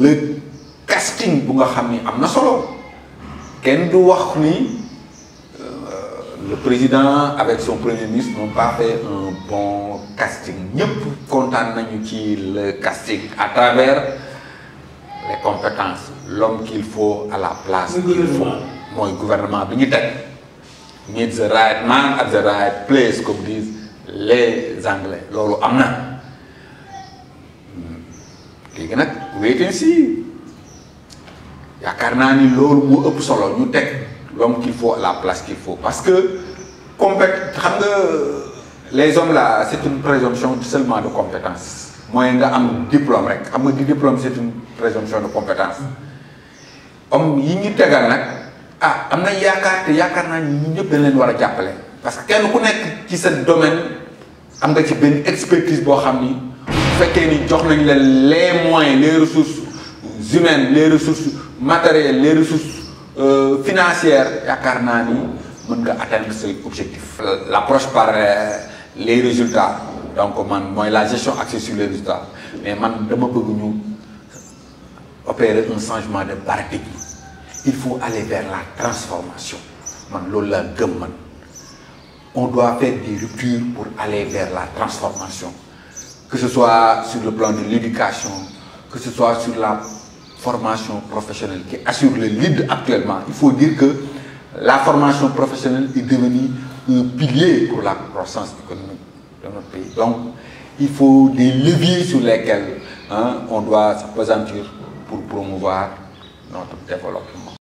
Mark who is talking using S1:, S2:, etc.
S1: le casting bu nga amna solo euh, le président avec son premier ministre n'ont pas fait un bon casting il contane nañu ci le casting à travers les compétences l'homme qu'il faut à la place qu'il faut le gouvernement bi ñu need the right place comme disent les anglais léegi nag wait and see yaakaar naa ni loolu mu ëpp solo ñu teg l'homme qu'il faut la place qu'il faut parce que compét xam nga les hommes là c'est une présomption seulement de compétence mooy nga am diplôme rek xam nga di diplôme c'est une présomption de compétence comme yi ñu tegal nag ah am na yaakaar te yaakaar naa ñu ñëpp dañ leen war a jàppale parce que kenn ku nekk ci sa domaine am nga ci benn expertise boo xam ni les moyens les ressources humaines les ressources matérielles les ressources euh, financières atteindre cet objectif l'approche par les résultats donc la gestion axée sur les résultats mais man dama opérer un changement de paradigme il faut aller vers la transformation on doit faire des ruptures pour aller vers la transformation que ce soit sur le plan de l'éducation, que ce soit sur la formation professionnelle qui assure le lead actuellement. Il faut dire que la formation professionnelle est devenue un pilier pour la croissance économique de notre pays. Donc, il faut des leviers sur lesquels hein, on doit s'appesantir pour promouvoir notre développement.